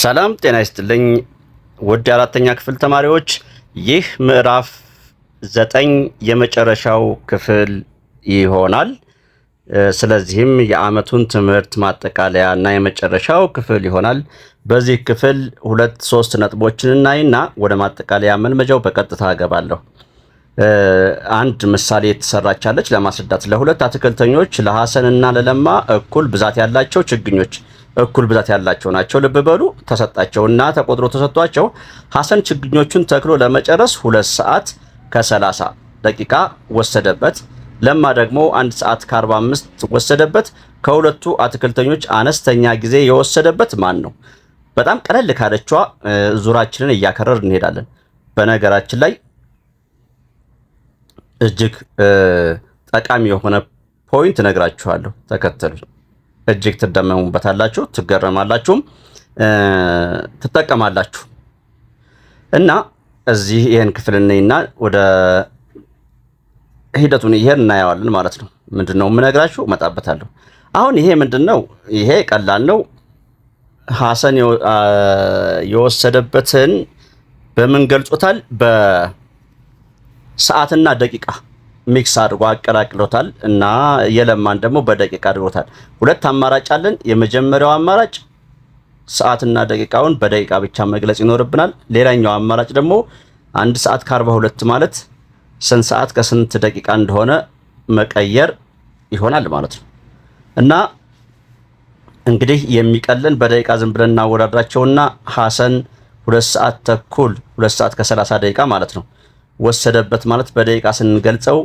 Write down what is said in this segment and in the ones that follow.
ሰላም ጤና ይስጥልኝ ውድ አራተኛ ክፍል ተማሪዎች፣ ይህ ምዕራፍ ዘጠኝ የመጨረሻው ክፍል ይሆናል። ስለዚህም የዓመቱን ትምህርት ማጠቃለያ እና የመጨረሻው ክፍል ይሆናል። በዚህ ክፍል ሁለት ሶስት ነጥቦችን እናይና ወደ ማጠቃለያ መልመጃው በቀጥታ እገባለሁ። አንድ ምሳሌ የተሰራቻለች ለማስረዳት ለሁለት አትክልተኞች ለሐሰን እና ለለማ እኩል ብዛት ያላቸው ችግኞች እኩል ብዛት ያላቸው ናቸው። ልብ በሉ ተሰጣቸው እና ተቆጥሮ ተሰጥቷቸው ሐሰን ችግኞቹን ተክሎ ለመጨረስ ሁለት ሰዓት ከሰላሳ ደቂቃ ወሰደበት። ለማ ደግሞ አንድ ሰዓት ከ45 ወሰደበት። ከሁለቱ አትክልተኞች አነስተኛ ጊዜ የወሰደበት ማን ነው? በጣም ቀለል ካለችዋ ዙራችንን እያከረር እንሄዳለን። በነገራችን ላይ እጅግ ጠቃሚ የሆነ ፖይንት ነግራችኋለሁ። ተከተሉ። እጅግ ትደመሙበታላችሁ፣ ትገረማላችሁም፣ ትጠቀማላችሁ እና እዚህ ይህን ክፍል እንይና ወደ ሂደቱን ይሄን እናየዋለን ማለት ነው። ምንድን ነው የምነግራችሁ እመጣበታለሁ። አሁን ይሄ ምንድን ነው? ይሄ ቀላል ነው። ሀሰን የወሰደበትን በምን ገልጾታል? በሰዓትና ደቂቃ ሚክስ አድርጎ አቀላቅሎታል እና የለማን ደግሞ በደቂቃ አድርጎታል። ሁለት አማራጭ አለን። የመጀመሪያው አማራጭ ሰዓትና ደቂቃውን በደቂቃ ብቻ መግለጽ ይኖርብናል። ሌላኛው አማራጭ ደግሞ አንድ ሰዓት ከአርባ ሁለት ማለት ስንት ሰዓት ከስንት ደቂቃ እንደሆነ መቀየር ይሆናል ማለት ነው እና እንግዲህ የሚቀልን በደቂቃ ዝም ብለን እናወዳድራቸውና ሀሰን ሁለት ሰዓት ተኩል ሁለት ሰዓት ከሰላሳ ደቂቃ ማለት ነው ወሰደበት ማለት በደቂቃ ስንገልጸው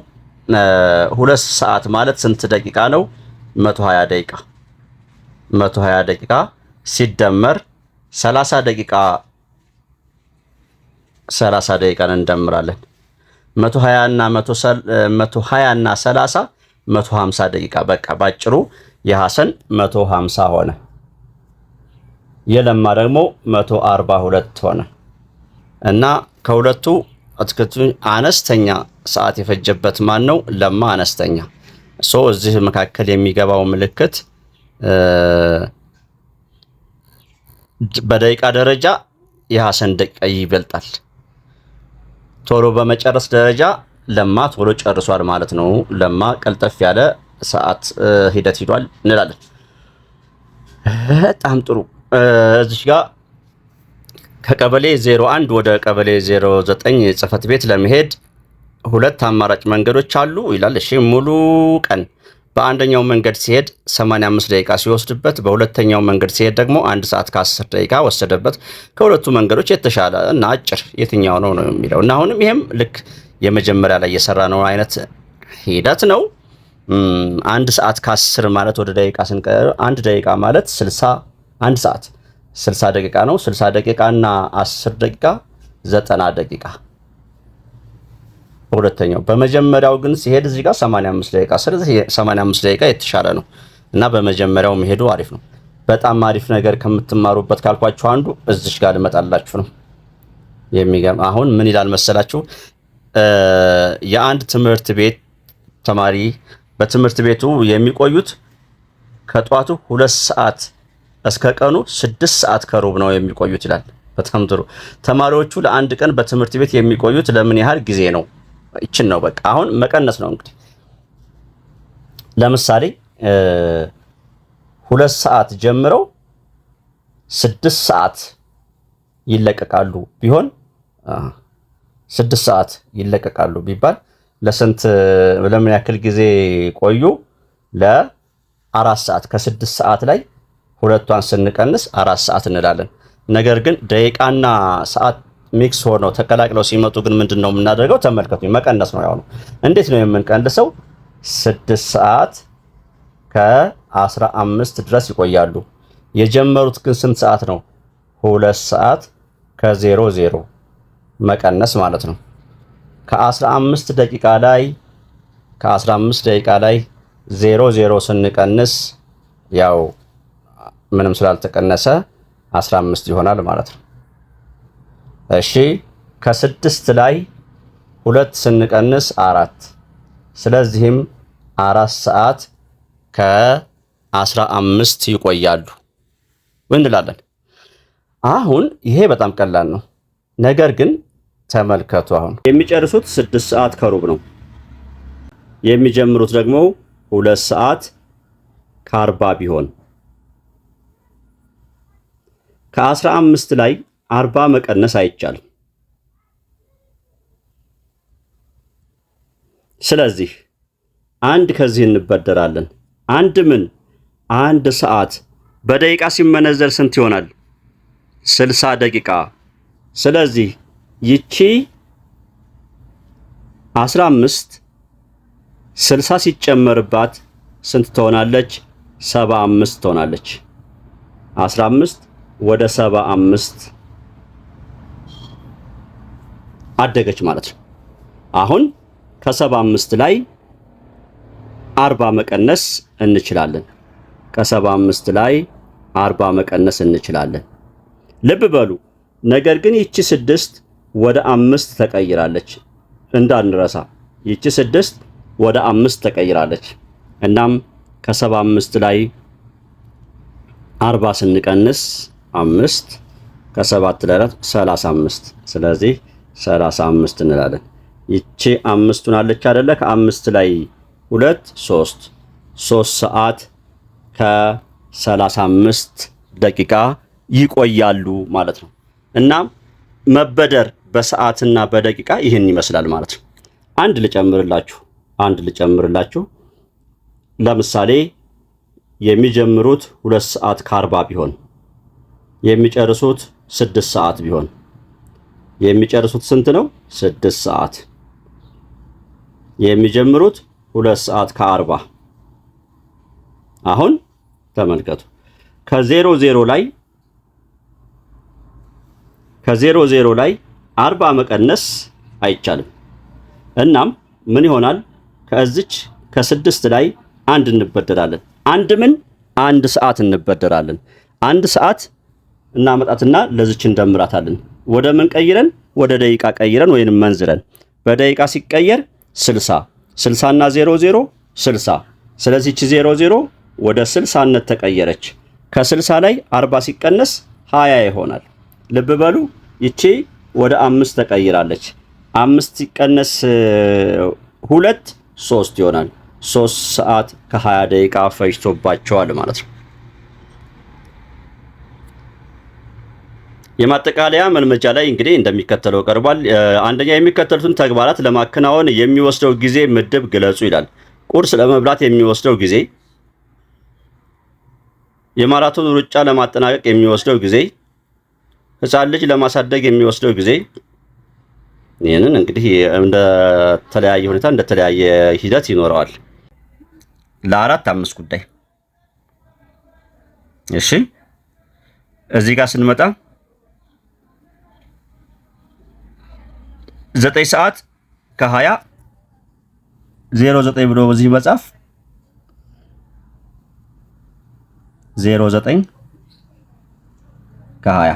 ሁለት ሰዓት ማለት ስንት ደቂቃ ነው? 120 ደቂቃ 120 ደቂቃ ሲደመር 30 ደቂቃ 30 ደቂቃን እንደምራለን። 120 እና 120 እና 30 150 ደቂቃ በቃ ባጭሩ የሐሰን 150 ሆነ። የለማ ደግሞ 142 ሆነ እና ከሁለቱ አትክልቱን አነስተኛ ሰዓት የፈጀበት ማን ነው? ለማ አነስተኛ ሶ እዚህ መካከል የሚገባው ምልክት በደቂቃ ደረጃ የሐሰን ደቂቃ ይበልጣል። ቶሎ በመጨረስ ደረጃ ለማ ቶሎ ጨርሷል ማለት ነው። ለማ ቀልጠፍ ያለ ሰዓት ሂደት ሂዷል እንላለን። በጣም ጥሩ እዚህ ጋር ከቀበሌ 01 ወደ ቀበሌ 09 ጽህፈት ቤት ለመሄድ ሁለት አማራጭ መንገዶች አሉ ይላል። እሺ ሙሉ ቀን በአንደኛው መንገድ ሲሄድ 85 ደቂቃ ሲወስድበት፣ በሁለተኛው መንገድ ሲሄድ ደግሞ አንድ ሰዓት ከ10 ደቂቃ ወሰደበት። ከሁለቱ መንገዶች የተሻለ እና አጭር የትኛው ነው ነው የሚለው እና አሁንም ይሄም ልክ የመጀመሪያ ላይ የሰራ ነው አይነት ሂደት ነው። አንድ ሰዓት ከ10 ማለት ወደ ደቂቃ ስንቀር አንድ ደቂቃ ማለት 60 አንድ ሰዓት 60 ደቂቃ ነው። 60 ደቂቃ እና 10 ደቂቃ 90 ደቂቃ። ሁለተኛው በመጀመሪያው ግን ሲሄድ እዚህ ጋር 85 ደቂቃ፣ ስለዚህ 85 ደቂቃ የተሻለ ነው እና በመጀመሪያው መሄዱ አሪፍ ነው። በጣም አሪፍ ነገር ከምትማሩበት ካልኳችሁ አንዱ እዚሽ ጋር ልመጣላችሁ ነው። የሚገርም አሁን ምን ይላል መሰላችሁ የአንድ ትምህርት ቤት ተማሪ በትምህርት ቤቱ የሚቆዩት ከጠዋቱ ሁለት ሰዓት እስከ ቀኑ ስድስት ሰዓት ከሩብ ነው የሚቆዩት ይላል። በጣም ጥሩ። ተማሪዎቹ ለአንድ ቀን በትምህርት ቤት የሚቆዩት ለምን ያህል ጊዜ ነው? ይችን ነው በቃ አሁን መቀነስ ነው እንግዲህ ለምሳሌ ሁለት ሰዓት ጀምረው ስድስት ሰዓት ይለቀቃሉ ቢሆን ስድስት ሰዓት ይለቀቃሉ ቢባል ለስንት ለምን ያክል ጊዜ ቆዩ? ለአራት ሰዓት ከስድስት ሰዓት ላይ ሁለቷን ስንቀንስ አራት ሰዓት እንላለን። ነገር ግን ደቂቃና ሰዓት ሚክስ ሆነው ተቀላቅለው ሲመጡ ግን ምንድን ነው የምናደርገው? ተመልከቱ፣ መቀነስ ነው። ያው ነው። እንዴት ነው የምንቀንሰው? ስድስት ሰዓት ከአስራ አምስት ድረስ ይቆያሉ። የጀመሩት ግን ስንት ሰዓት ነው? ሁለት ሰዓት ከዜሮ ዜሮ መቀነስ ማለት ነው። ከአስራ አምስት ደቂቃ ላይ ከአስራ አምስት ደቂቃ ላይ ዜሮ ዜሮ ስንቀንስ ያው ምንም ስላልተቀነሰ 15 ይሆናል ማለት ነው። እሺ ከስድስት ላይ ሁለት ስንቀንስ አራት ስለዚህም አራት ሰዓት ከ15 ይቆያሉ እንላለን። አሁን ይሄ በጣም ቀላል ነው። ነገር ግን ተመልከቱ አሁን የሚጨርሱት ስድስት ሰዓት ከሩብ ነው። የሚጀምሩት ደግሞ ሁለት ሰዓት ከአርባ ቢሆን ከአስራ አምስት ላይ አርባ መቀነስ አይቻልም። ስለዚህ አንድ ከዚህ እንበደራለን። አንድ ምን አንድ ሰዓት በደቂቃ ሲመነዘር ስንት ይሆናል? ስልሳ ደቂቃ። ስለዚህ ይቺ አስራ አምስት ስልሳ ሲጨመርባት ስንት ትሆናለች? ሰባ አምስት ትሆናለች። አስራ አምስት ወደ ሰባ አምስት አደገች ማለት ነው። አሁን ከሰባ አምስት ላይ አርባ መቀነስ እንችላለን። ከሰባ አምስት ላይ አርባ መቀነስ እንችላለን። ልብ በሉ። ነገር ግን ይቺ ስድስት ወደ አምስት ተቀይራለች እንዳንረሳ። ይቺ ስድስት ወደ አምስት ተቀይራለች። እናም ከሰባ አምስት ላይ አርባ ስንቀንስ አምስት ከሰባት ለአራት ሰላሳ አምስት ስለዚህ ሰላሳ አምስት እንላለን። ይቺ አምስቱን አለች አደለ? ከአምስት ላይ ሁለት ሶስት ሶስት ሰዓት ከሰላሳ አምስት ደቂቃ ይቆያሉ ማለት ነው። እናም መበደር በሰዓትና በደቂቃ ይህን ይመስላል ማለት ነው። አንድ ልጨምርላችሁ አንድ ልጨምርላችሁ ለምሳሌ የሚጀምሩት ሁለት ሰዓት ከአርባ ቢሆን የሚጨርሱት ስድስት ሰዓት ቢሆን የሚጨርሱት ስንት ነው? ስድስት ሰዓት የሚጀምሩት ሁለት ሰዓት ከአርባ አሁን ተመልከቱ። ከዜሮ ዜሮ ላይ ከዜሮ ዜሮ ላይ አርባ መቀነስ አይቻልም። እናም ምን ይሆናል? ከዚች ከስድስት ላይ አንድ እንበደራለን። አንድ ምን አንድ ሰዓት እንበደራለን። አንድ ሰዓት እናመጣትና ለዚች እንደምራታለን። ወደ ምን ቀይረን? ወደ ደቂቃ ቀይረን ወይንም መንዝረን። በደቂቃ ሲቀየር 60 60 እና 00 60። ስለዚህ 00 ወደ 60ነት ተቀየረች። ከ60 ላይ 40 ሲቀነስ 20 ይሆናል። ልብ በሉ ይቺ ወደ አምስት ተቀይራለች። አምስት ሲቀነስ ሁለት ሶስት ይሆናል። ሶስት ሰዓት ከ20 ደቂቃ ፈጅቶባቸዋል ማለት ነው። የማጠቃለያ መልመጃ ላይ እንግዲህ እንደሚከተለው ቀርቧል። አንደኛ የሚከተሉትን ተግባራት ለማከናወን የሚወስደው ጊዜ ምድብ ግለጹ ይላል። ቁርስ ለመብላት የሚወስደው ጊዜ፣ የማራቶን ሩጫ ለማጠናቀቅ የሚወስደው ጊዜ፣ ህፃን ልጅ ለማሳደግ የሚወስደው ጊዜ። ይህንን እንግዲህ እንደተለያየ ሁኔታ እንደተለያየ ሂደት ይኖረዋል። ለአራት አምስት ጉዳይ እሺ፣ እዚህ ጋር ስንመጣ ዘጠኝ ሰዓት ከሀያ ዜሮ ዘጠኝ ብሎ በዚህ መጽሐፍ ዜሮ ዘጠኝ ከሀያ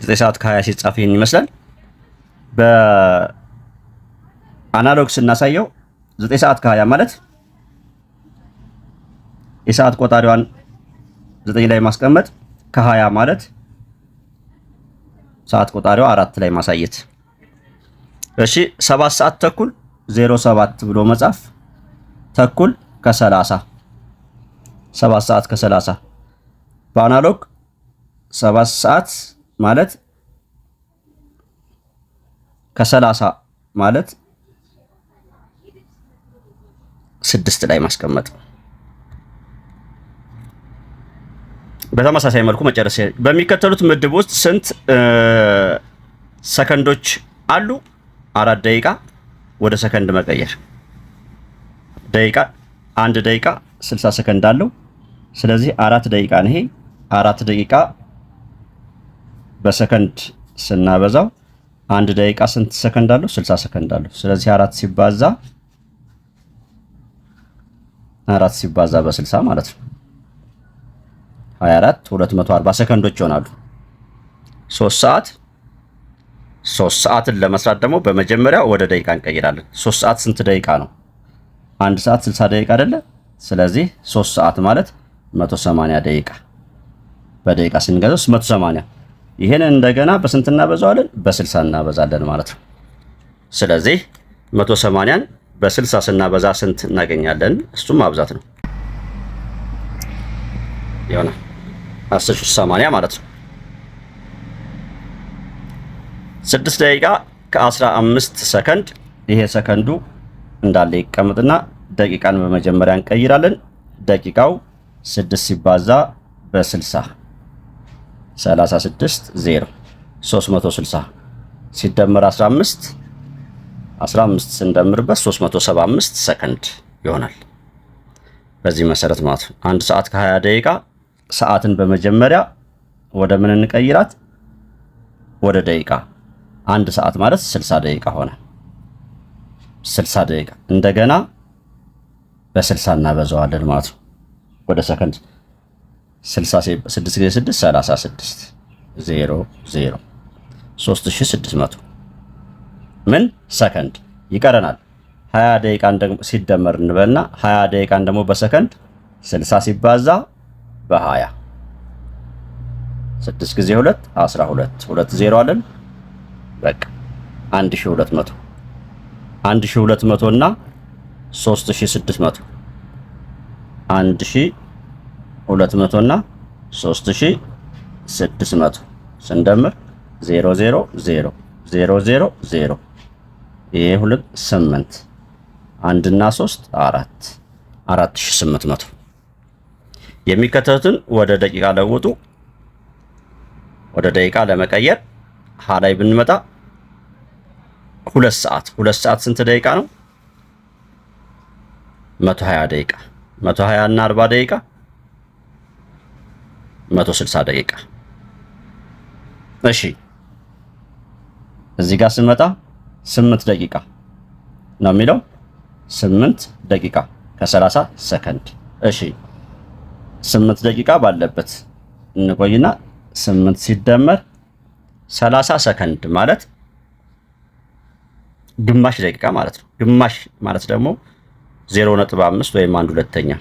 ዘጠኝ ሰዓት ከሀያ ሲጻፍ ይህን ይመስላል። በአናሎግ ስናሳየው ዘጠኝ ሰዓት ከሀያ ማለት የሰዓት ቆጣሪዋን ዘጠኝ ላይ ማስቀመጥ ከሀያ ማለት ሰዓት ቆጣሪው አራት ላይ ማሳየት። እሺ ሰባት ሰዓት ተኩል 07 ሰባት ብሎ መጻፍ ተኩል ከ30 7 ሰዓት ከሰላሳ በአናሎግ 7 ሰዓት ማለት ከሰላሳ ማለት ስድስት ላይ ማስቀመጥ በተመሳሳይ መልኩ መጨረስ በሚከተሉት ምድብ ውስጥ ስንት ሰከንዶች አሉ? አራት ደቂቃ ወደ ሰከንድ መቀየር። ደቂቃ አንድ ደቂቃ 60 ሰከንድ አለው። ስለዚህ አራት ደቂቃ ነው። አራት ደቂቃ በሰከንድ ስናበዛው አንድ ደቂቃ ስንት ሰከንድ አለው? 60 ሰከንድ አለው። ስለዚህ አራት ሲባዛ አራት ሲባዛ በ60 ማለት ነው። 24 240 ሰከንዶች ይሆናሉ። 3 ሰዓት 3 ሰዓትን ለመስራት ደግሞ በመጀመሪያ ወደ ደቂቃ እንቀይራለን። 3 ሰዓት ስንት ደቂቃ ነው? አንድ ሰዓት 60 ደቂቃ አይደለ? ስለዚህ 3 ሰዓት ማለት 180 ደቂቃ በደቂቃ ስንገዛው 180 ይሄን እንደገና በስንት እናበዛዋለን? በ60 እናበዛለን ማለት ነው። ስለዚህ 180ን በ60 ስናበዛ ስንት እናገኛለን? እሱም ማብዛት ነው ይሆናል። አስር ሺህ ማለት ነው። ስድስት ደቂቃ ከአስራ አምስት ሰከንድ ይሄ ሰከንዱ እንዳለ ይቀመጥና ደቂቃን በመጀመሪያ እንቀይራለን። ደቂቃው 6 ሲባዛ በ 60 36 0 360 ሲደመር 15 15 ስንደምርበት 375 ሰከንድ ይሆናል። በዚህ መሰረት ማለት ነው አንድ ሰዓት ከ20 ደቂቃ ሰዓትን በመጀመሪያ ወደ ምን እንቀይራት? ወደ ደቂቃ። አንድ ሰዓት ማለት 60 ደቂቃ ሆነ። 60 ደቂቃ እንደገና በ60 እናበዛዋለን ማለት ነው። ወደ ሰከንድ 60 6 ጊዜ 6 36 0 0 3600 ምን ሰከንድ ይቀረናል። 20 ደቂቃን ደግሞ ሲደመር እንበልና 20 ደቂቃን ደግሞ በሰከንድ 60 ሲባዛ በ20 6 ጊዜ 2 12 2 0 ዜሮ አለን። በቃ 1200 ሺህ አንድ ሺህ ሁለት መቶ እና ሶስት ሺህ ስድስት መቶ አንድ ሺህ ሁለት መቶ እና ሶስት ሺህ ስድስት መቶ ስንደምር ዜሮ ዜሮ ዜሮ ዜሮ ዜሮ ዜሮ ይሄ ሁለት ስምንት አንድ እና ሶስት አራት አራት ሺህ ስምንት መቶ የሚከተሉትን ወደ ደቂቃ ለውጡ። ወደ ደቂቃ ለመቀየር ሀ ላይ ብንመጣ ሁለት ሰዓት ሁለት ሰዓት ስንት ደቂቃ ነው? 120 ደቂቃ 120 እና 40 ደቂቃ 160 ደቂቃ። እሺ እዚህ ጋር ስንመጣ 8 ደቂቃ ነው የሚለው 8 ደቂቃ ከ30 ሰከንድ። እሺ ስምንት ደቂቃ ባለበት እንቆይና ስምንት ሲደመር ሰላሳ ሰከንድ ማለት ግማሽ ደቂቃ ማለት ነው። ግማሽ ማለት ደግሞ ዜሮ ነጥብ አምስት ወይም አንድ ሁለተኛ።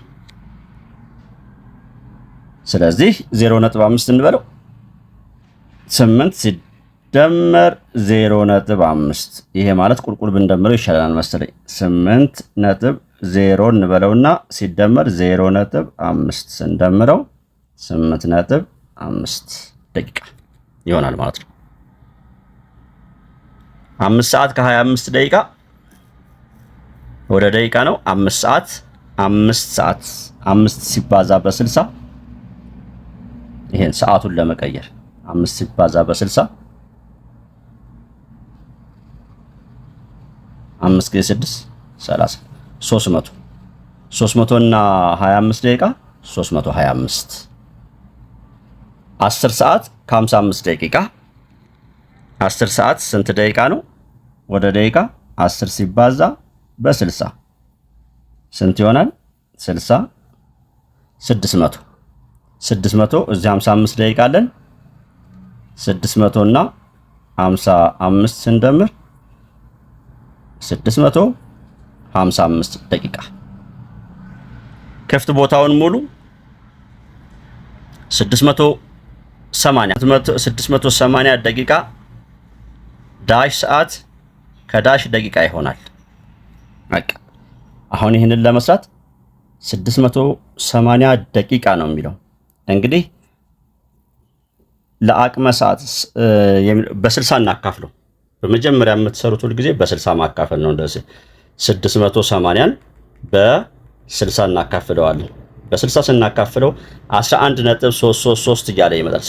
ስለዚህ ዜሮ ነጥብ አምስት እንበለው ስምንት ሲደመር ዜሮ ነጥብ አምስት ይሄ ማለት ቁልቁል ብንደምረው ይሻላል መሰለኝ ስምንት ነጥብ ዜሮ እንበለውና ሲደመር ዜሮ ነጥብ አምስት ስንደምረው ስምንት ነጥብ አምስት ደቂቃ ይሆናል ማለት ነው። አምስት ሰዓት ከሀያ አምስት ደቂቃ ወደ ደቂቃ ነው። አምስት ሰዓት አምስት ሰዓት አምስት ሲባዛ በስልሳ ይሄን ሰዓቱን ለመቀየር አምስት ሲባዛ በስልሳ አምስት ጊዜ ስድስት ሰላሳ 300 300 እና 25 ደቂቃ 325 10 ሰዓት ከ55 ደቂቃ 10 ሰዓት ስንት ደቂቃ ነው? ወደ ደቂቃ 10 ሲባዛ በ60 ስንት ይሆናል? 60 600 600 እዚህ 55 ደቂቃ አለን 600 እና 55 ስንደምር 600 55 ደቂቃ ክፍት ቦታውን ሙሉ 680 680 ደቂቃ ዳሽ ሰዓት ከዳሽ ደቂቃ ይሆናል። በቃ አሁን ይህንን ለመስራት 680 ደቂቃ ነው የሚለው እንግዲህ ለአቅመ ሰዓት በ60 እናካፍለው። በመጀመሪያ የምትሰሩት ሁል ጊዜ በ60 ማካፈል ነው እንደዚህ 680ን በ60 እናካፍለዋለን። በ60 ስናካፍለው 11 ነጥብ 333 እያለ ይመጣል።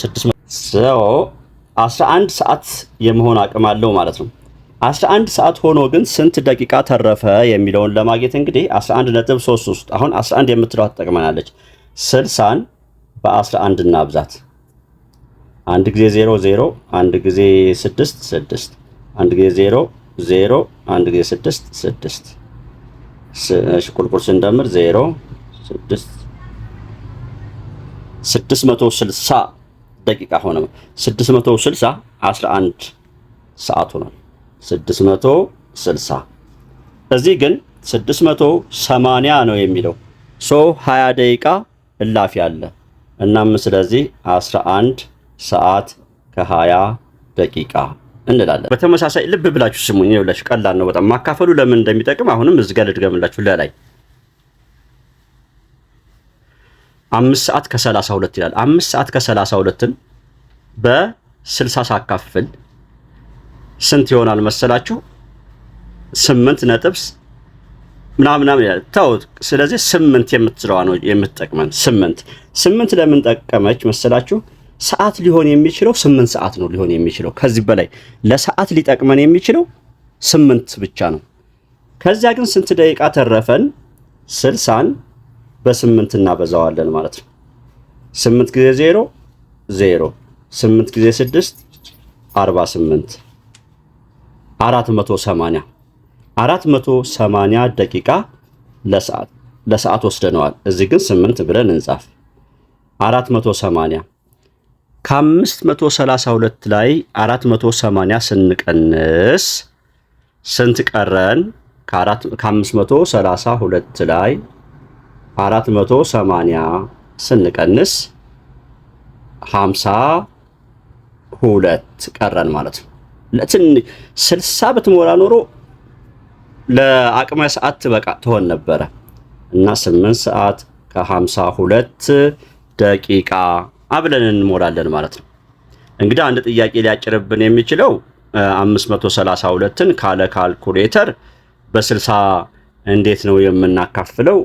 11 ሰዓት የመሆን አቅም አለው ማለት ነው። 11 ሰዓት ሆኖ ግን ስንት ደቂቃ ተረፈ የሚለውን ለማግኘት እንግዲህ 11 ነጥብ 33 አሁን 11 የምትለው ትጠቅመናለች። 60ን በ11 እናብዛት። አንድ ጊዜ 0 0፣ አንድ ጊዜ 6 6፣ አንድ ጊዜ 0 ዜሮ አንድ ጊዜ ስድስት ስድስት ቁልቁል ስንደምር ዜሮ ስድስት ስድስት መቶ ስልሳ ደቂቃ ሆነ። ስድስት መቶ ስልሳ አስራ አንድ ሰዓት ሆኗል። ስድስት መቶ ስልሳ እዚህ ግን ስድስት መቶ ሰማንያ ነው የሚለው ሶ ሀያ ደቂቃ እላፊ አለ። እናም ስለዚህ አስራ አንድ ሰዓት ከሀያ ደቂቃ እንላለን። በተመሳሳይ ልብ ብላችሁ ስሙኝ፣ ይኸውላችሁ ቀላል ነው በጣም ማካፈሉ ለምን እንደሚጠቅም አሁንም እዚህ ጋር ልድገምላችሁ። ለላይ አምስት ሰዓት ከሰላሳ ሁለት ይላል። አምስት ሰዓት ከሰላሳ ሁለትን በስልሳ ሳካፍል ስንት ይሆናል መሰላችሁ? ስምንት ነጥብስ ምናምን ይላል። ተውት። ስለዚህ ስምንት የምትለዋ ነው የምትጠቅመን። ስምንት ስምንት ለምን ጠቀመች መሰላችሁ? ሰዓት ሊሆን የሚችለው ስምንት ሰዓት ነው ሊሆን የሚችለው ከዚህ በላይ ለሰዓት ሊጠቅመን የሚችለው ስምንት ብቻ ነው። ከዚያ ግን ስንት ደቂቃ ተረፈን? ስልሳን በስምንት እናበዛዋለን ማለት ነው። ስምንት ጊዜ ዜሮ ዜሮ፣ ስምንት ጊዜ ስድስት አርባ ስምንት አራት መቶ ሰማንያ አራት መቶ ሰማንያ ደቂቃ ለሰዓት ለሰዓት ወስደነዋል። እዚህ ግን ስምንት ብለን እንጻፍ አራት መቶ ሰማንያ ከ532 ላይ 480 ስንቀንስ ስንት ቀረን? ከ532 ላይ 480 ስንቀንስ 52 ቀረን ማለት ነው። ለትን 60 ብትሞላ ኖሮ ለአቅመ ሰዓት በቃ ትሆን ነበረ እና 8 ሰዓት ከ52 ደቂቃ አብለን እንሞላለን ማለት ነው። እንግዲህ አንድ ጥያቄ ሊያጭርብን የሚችለው 532ን ካለ ካልኩሌተር በ60 እንዴት ነው የምናካፍለው?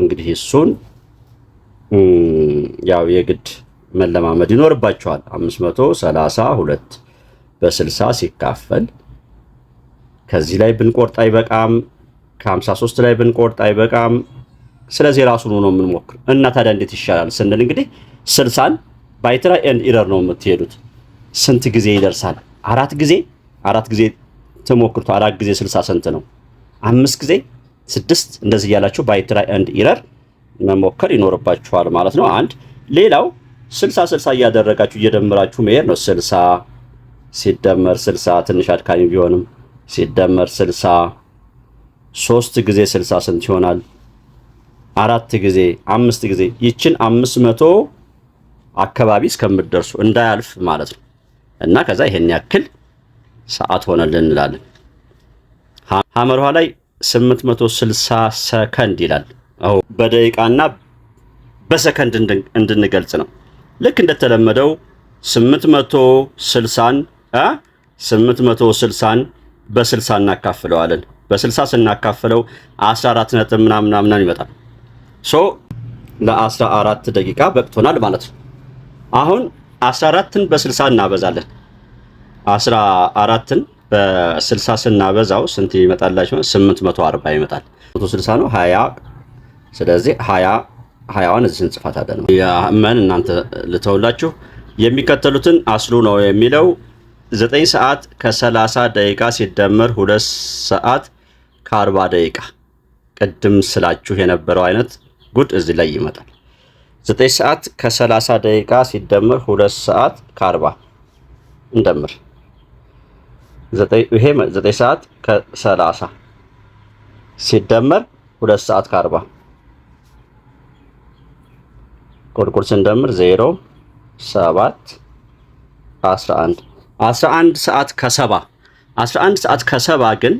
እንግዲህ እሱን ያው የግድ መለማመድ ይኖርባቸዋል። 532 በ60 ሲካፈል ከዚህ ላይ ብንቆርጥ አይበቃም፣ ከ53 ላይ ብንቆርጥ አይበቃም። ስለዚህ ራሱን ሆኖ የምንሞክር እና ታዲያ እንዴት ይሻላል ስንል እንግዲህ 60ን ባይትራይ ኤንድ ኢረር ነው የምትሄዱት። ስንት ጊዜ ይደርሳል? አራት ጊዜ አራት ጊዜ ተሞክርቶ አራት ጊዜ 60 ስንት ነው? አምስት ጊዜ ስድስት እንደዚህ እያላችሁ ባይትራይ ኤንድ ኢረር መሞከር ይኖርባችኋል ማለት ነው። አንድ ሌላው ስልሳ ስልሳ እያደረጋችሁ እየደመራችሁ መሄድ ነው። ስልሳ ሲደመር ስልሳ ትንሽ አድካሚ ቢሆንም ሲደመር ስልሳ ሶስት ጊዜ ስልሳ ስንት ይሆናል? አራት ጊዜ አምስት ጊዜ ይችን አምስት መቶ አካባቢ እስከምትደርሱ እንዳያልፍ ማለት ነው እና ከዛ ይሄን ያክል ሰዓት ሆነልን እንላለን። ሀመርኋ ላይ 860 ሰከንድ ይላል። አዎ በደቂቃና በሰከንድ እንድንገልጽ ነው። ልክ እንደተለመደው 860 አ 860ን በ60 እናካፍለዋለን። በ60 ስናካፍለው 14 ነጥብ ምናምን ምናምን ይመጣል። ሶ ለ14 ደቂቃ በቅቶናል ማለት ነው። አሁን 14ን በ60 እናበዛለን። 14ን በ60 ስናበዛው ስንት ይመጣላችሁ? 840 ይመጣል። 160 ነው 20። ስለዚህ 20 20ን እዚህ እንጽፋታለን። ያመን እናንተ ልተውላችሁ። የሚከተሉትን አስሉ ነው የሚለው 9 ሰዓት ከ30 ደቂቃ ሲደመር 2 ሰዓት ከ40 ደቂቃ ቅድም ስላችሁ የነበረው አይነት ጉድ እዚህ ላይ ይመጣል። ዘጠኝ ሰዓት ከሰላሳ ደቂቃ ሲደመር ሁለት ሰዓት ከአርባ እንደምር። ይሄ ዘጠኝ ሰዓት ከሰላሳ ሲደመር ሁለት ሰዓት ቁርቁር ስንደምር ዜሮ ስንደምር አስራ አንድ አስራ አንድ ሰዓት ከሰባ አንድ ሰዓት ከሰባ ግን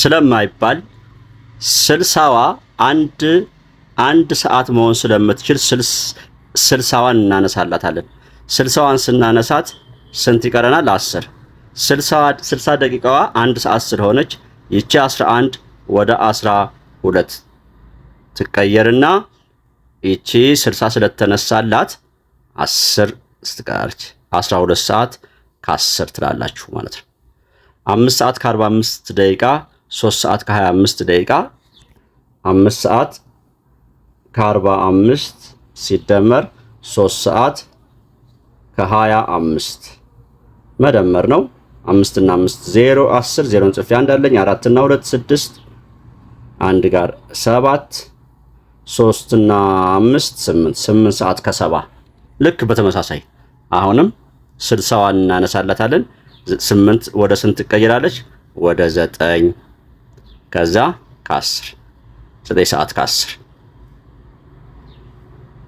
ስለማይባል ስልሳዋ አንድ አንድ ሰዓት መሆን ስለምትችል ስልሳዋን እናነሳላታለን። ስልሳዋን ስናነሳት ስንት ይቀረናል? አስር ስልሳ ደቂቃዋ አንድ ሰዓት ስለሆነች ይቺ 11 ወደ 12 ትቀየርና ይቺ 60 ስለተነሳላት 10 ስትቀራለች 12 ሰዓት ከ10 ትላላችሁ ማለት ነው። 5 ሰዓት ከ45 ደቂቃ፣ 3 ሰዓት ከ25 ደቂቃ፣ 5 ሰዓት ከአርባ አምስት ሲደመር ሶስት ሰዓት ከሀያ አምስት መደመር ነው። አምስት እና አምስት ዜሮ አስር ዜሮን ጽፌ አንድ አለኝ። አራት እና ሁለት ስድስት አንድ ጋር ሰባት ሶስት እና አምስት ስምንት ስምንት ሰዓት ከሰባ ልክ በተመሳሳይ አሁንም ስልሳዋን እናነሳላታለን። ስምንት ወደ ስንት ትቀይራለች? ወደ ዘጠኝ ከዛ ከአስር ዘጠኝ ሰዓት ከአስር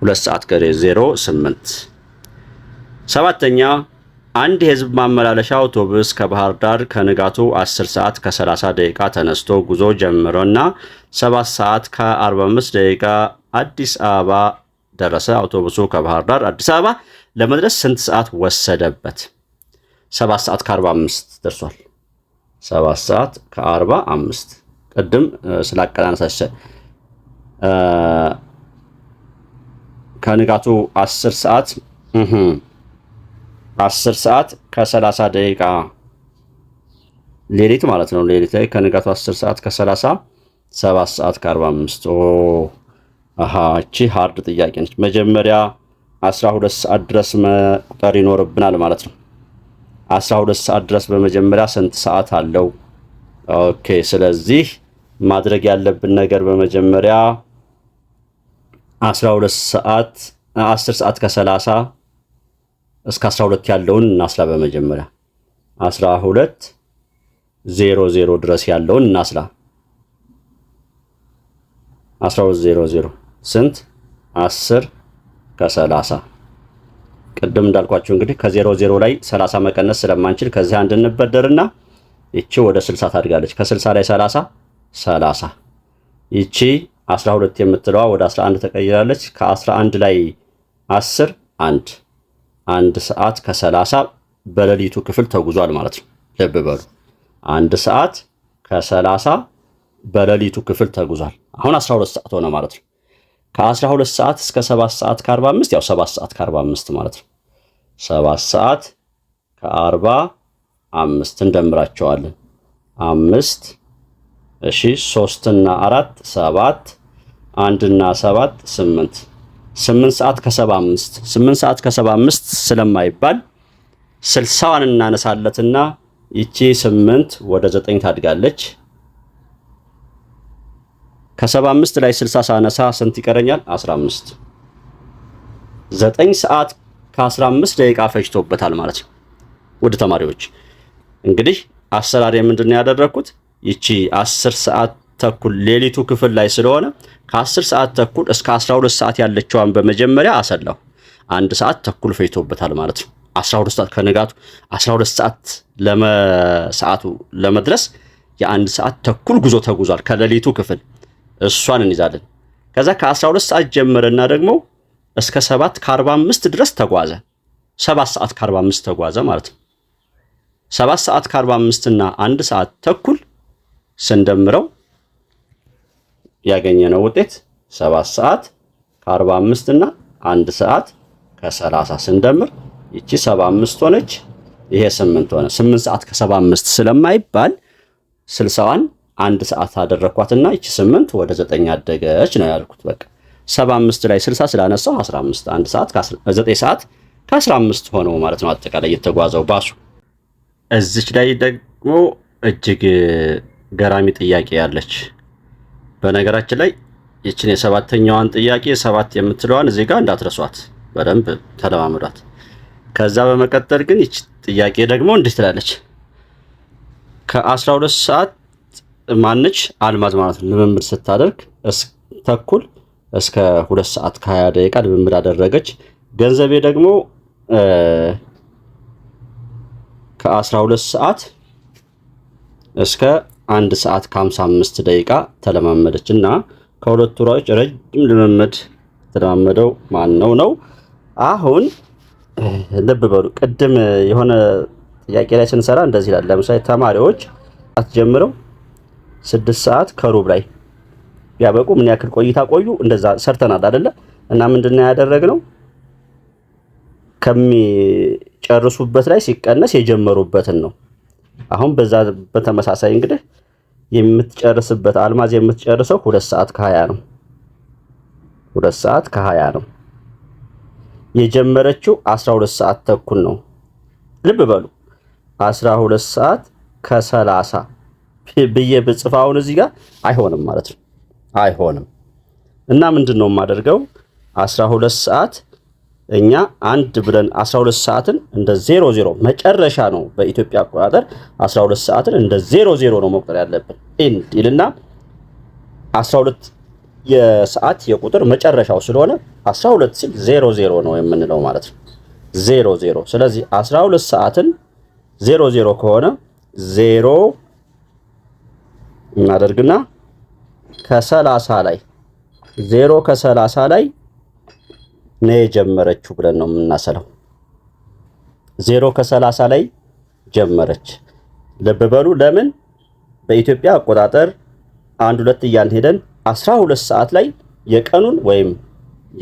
ሁለት ሰዓት ከዜሮ 08 ሰባተኛ አንድ የህዝብ ማመላለሻ አውቶቡስ ከባህር ዳር ከንጋቱ 10 ሰዓት ከ30 ደቂቃ ተነስቶ ጉዞ ጀምሮና 7 ሰዓት ከ45 ደቂቃ አዲስ አበባ ደረሰ። አውቶቡሱ ከባህር ዳር አዲስ አበባ ለመድረስ ስንት ሰዓት ወሰደበት? 7 ሰዓት ከ45 ደርሷል። 7 ሰዓት ከ45 ቅድም ስላቀናነሳሸ ከንጋቱ 10 ሰዓት 10 ሰዓት ከ30 ደቂቃ ሌሊት ማለት ነው። ሌሊት ላይ ከንጋቱ 10 ሰዓት ከ30 7 ሰዓት ከ45 አሃ እቺ ሃርድ ጥያቄ ነች። መጀመሪያ 12 ሰዓት ድረስ መቁጠር ይኖርብናል ማለት ነው። 12 ሰዓት ድረስ በመጀመሪያ ስንት ሰዓት አለው? ኦኬ። ስለዚህ ማድረግ ያለብን ነገር በመጀመሪያ 12 ሰዓት 10 ሰዓት ከ30 እስከ 12 ያለውን እናስላ። በመጀመሪያ 12 00 ድረስ ያለውን እናስላ። 12 00 ስንት? 10 ከ30 ቅድም እንዳልኳችሁ እንግዲህ ከ00 ላይ 30 መቀነስ ስለማንችል ከዚህ አንድ እንበደርና ይቺ ወደ 60 ታድጋለች። ከ60 ላይ 30 30 ይቺ 12 የምትለዋ ወደ 11 ተቀይራለች። ከ11 ላይ 10 አንድ አንድ ሰዓት ከ30 በሌሊቱ ክፍል ተጉዟል ማለት ነው። ልብ በሉ አንድ ሰዓት ከ30 በሌሊቱ ክፍል ተጉዟል። አሁን 12 ሰዓት ሆነ ማለት ነው። ከ12 ሰዓት እስከ 7 ሰዓት ከ45 ያው 7 ሰዓት ከ45 ማለት ነው። 7 ሰዓት ከ45 እንደምራቸዋለን አምስት እሺ ሶስትና አራት ሰባት አንድና ሰባት ስምንት ስምንት ሰዓት ከሰባ አምስት ስምንት ሰዓት ከሰባ አምስት ስለማይባል ስልሳዋን እናነሳለትና ይቺ ስምንት ወደ ዘጠኝ ታድጋለች። ከሰባ አምስት ላይ ስልሳ ሳነሳ ስንት ይቀረኛል? አስራ አምስት ዘጠኝ ሰዓት ከአስራ አምስት ደቂቃ ፈጅቶበታል ማለት ነው። ውድ ተማሪዎች እንግዲህ አሰራር የምንድን ነው ያደረግኩት? ይቺ አስር ሰዓት ተኩል ሌሊቱ ክፍል ላይ ስለሆነ ከአስር ሰዓት ተኩል እስከ 12 ሰዓት ያለችዋን በመጀመሪያ አሰላሁ። አንድ ሰዓት ተኩል ፈይቶበታል ማለት ነው። 12 ሰዓት ከንጋቱ 12 ሰዓት ለመሰዓቱ ለመድረስ የአንድ ሰዓት ተኩል ጉዞ ተጉዟል። ከሌሊቱ ክፍል እሷን እንይዛለን። ከዛ ከ12 ሰዓት ጀመረና ደግሞ እስከ 7 ከ45 ድረስ ተጓዘ። 7 ሰዓት ከ45 ተጓዘ ማለት ነው። 7 ሰዓት ከ45 እና አንድ ሰዓት ተኩል ስንደምረው ያገኘነው ውጤት ሰባት ሰዓት ከአርባ አምስት እና አንድ ሰዓት ከሰላሳ ስንደምር ይቺ ሰባ አምስት ሆነች። ይሄ ስምንት ሆነ። ስምንት ሰዓት ከሰባ አምስት ስለማይባል ስልሳዋን አንድ ሰዓት እና ይቺ ስምንት ወደ ዘጠኝ አደገች ነው ያልኩት። በቃ ሰባ አምስት ላይ ስልሳ ስላነሳው አስራ አምስት አንድ ሰዓት ዘጠኝ ሰዓት ከአስራ አምስት ሆነው ማለት ነው አጠቃላይ የተጓዘው ባሱ። እዚች ላይ ደግሞ እጅግ ገራሚ ጥያቄ ያለች። በነገራችን ላይ ይችን የሰባተኛዋን ጥያቄ ሰባት የምትለዋን እዚህ ጋር እንዳትረሷት፣ በደንብ ተለማምዷት። ከዛ በመቀጠል ግን ይች ጥያቄ ደግሞ እንዲህ ትላለች። ከአስራ ሁለት ሰዓት ማነች አልማዝ ማለት ነው ልምምድ ስታደርግ ተኩል እስከ ሁለት ሰዓት ከሀያ ደቂቃ ልምምድ አደረገች። ገንዘቤ ደግሞ ከአስራ ሁለት ሰዓት እስከ አንድ ሰዓት ከ55 ደቂቃ ተለማመደች እና ከሁለቱ ራዎች ረጅም ልምምድ የተለማመደው ማን ነው ነው። አሁን ልብ በሉ፣ ቅድም የሆነ ጥያቄ ላይ ስንሰራ እንደዚህ ይላል። ለምሳሌ ተማሪዎች ሰዓት ጀምረው ስድስት ሰዓት ከሩብ ላይ ቢያበቁ ምን ያክል ቆይታ ቆዩ? እንደዛ ሰርተናል አይደለ? እና ምንድን ነው ያደረግነው ከሚጨርሱበት ላይ ሲቀነስ የጀመሩበትን ነው። አሁን በዛ በተመሳሳይ እንግዲህ የምትጨርስበት አልማዝ የምትጨርሰው ሁለት ሰዓት ከሀያ ነው። ሁለት ሰዓት ከሀያ ነው። የጀመረችው አስራ ሁለት ሰዓት ተኩል ነው። ልብ በሉ አስራ ሁለት ሰዓት ከሰላሳ ብዬ ብጽፋውን እዚህ ጋር አይሆንም ማለት ነው። አይሆንም እና ምንድን ነው የማደርገው አስራ ሁለት ሰዓት እኛ አንድ ብለን 12 ሰዓትን እንደ 00 መጨረሻ ነው በኢትዮጵያ አቆጣጠር 12 ሰዓትን እንደ 00 ነው መቁጠር ያለብን። ኢንድ ይልና 12 የሰዓት የቁጥር መጨረሻው ስለሆነ 12 ሲል 00 ነው የምንለው ማለት ነው። 00 ስለዚህ 12 ሰዓትን 00 ከሆነ 0 እናደርግና ከ30 ላይ 0 ከ30 ላይ ነው የጀመረችው ብለን ነው የምናሰለው። ዜሮ ከሰላሳ ላይ ጀመረች። ልብ ለምን በኢትዮጵያ አቆጣጠር አንድ 2 እያልን ሄደን አስራ ሰዓት ላይ የቀኑን ወይም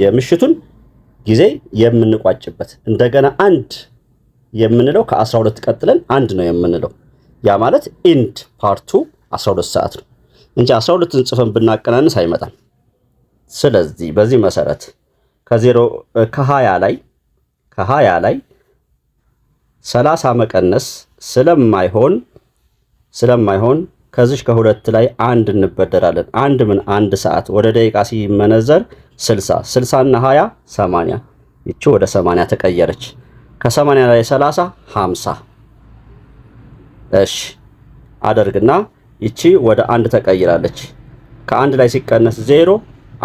የምሽቱን ጊዜ የምንቋጭበት እንደገና አንድ የምንለው ከ12 ቀጥለን አንድ ነው የምንለው። ያ ማለት ኢንድ ፓርቱ 12 ሰዓት ነው እንጂ 12ን ጽፈን ብናቀናንስ አይመጣም። ስለዚህ በዚህ መሰረት ከዜሮ ከሀያ ላይ ከሀያ ላይ ሰላሳ መቀነስ ስለማይሆን ስለማይሆን ከዚህ ከሁለት ላይ አንድ እንበደራለን። አንድ ምን አንድ ሰዓት ወደ ደቂቃ ሲመነዘር 60 60 እና 20 80 ይቺ ወደ 80 ተቀየረች። ከ80 ላይ 30 50 እሺ አደርግና ይቺ ወደ አንድ ተቀይራለች። ከአንድ ላይ ሲቀነስ ዜሮ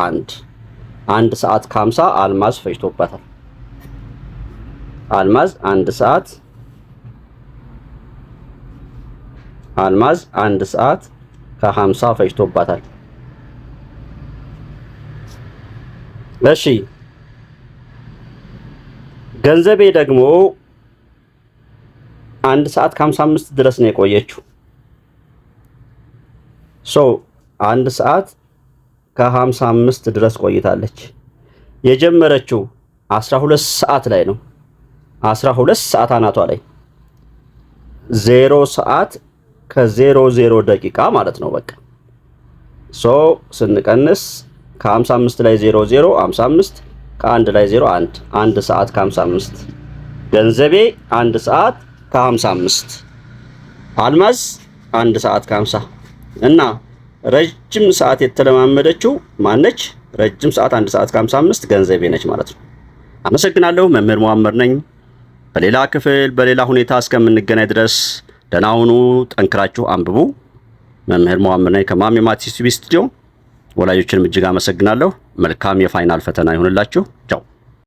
አንድ አንድ ሰዓት ከሀምሳ አልማዝ ፈጅቶበታል። አልማዝ አንድ ሰዓት አልማዝ አንድ ሰዓት ከሀምሳ ፈጅቶባታል። እሺ ገንዘቤ ደግሞ አንድ ሰዓት ከሀምሳ አምስት ድረስ ነው የቆየችው። ሶ አንድ ሰዓት ከ55 ድረስ ቆይታለች። የጀመረችው 12 ሰዓት ላይ ነው። 12 ሰዓት አናቷ ላይ ዜሮ ሰዓት ከ00 ደቂቃ ማለት ነው። በቃ ሶ ስንቀንስ ከ55 ላይ 00 55 ከ1 ላይ 01 1 ሰዓት ከ55 ገንዘቤ 1 ሰዓት ከ55 አልማዝ 1 ሰዓት ከ50 እና ረጅም ሰዓት የተለማመደችው ማነች? ረጅም ሰዓት አንድ ሰዓት ከ55 ገንዘቤ ነች ማለት ነው። አመሰግናለሁ። መምህር መዋመር ነኝ። በሌላ ክፍል በሌላ ሁኔታ እስከምንገናኝ ድረስ ደህና ሁኑ። ጠንክራችሁ አንብቡ። መምህር መዋመር ነኝ ከማሚ ማቲስ ቲቪ ስቱዲዮ። ወላጆችንም እጅግ አመሰግናለሁ። መልካም የፋይናል ፈተና ይሁንላችሁ። ቻው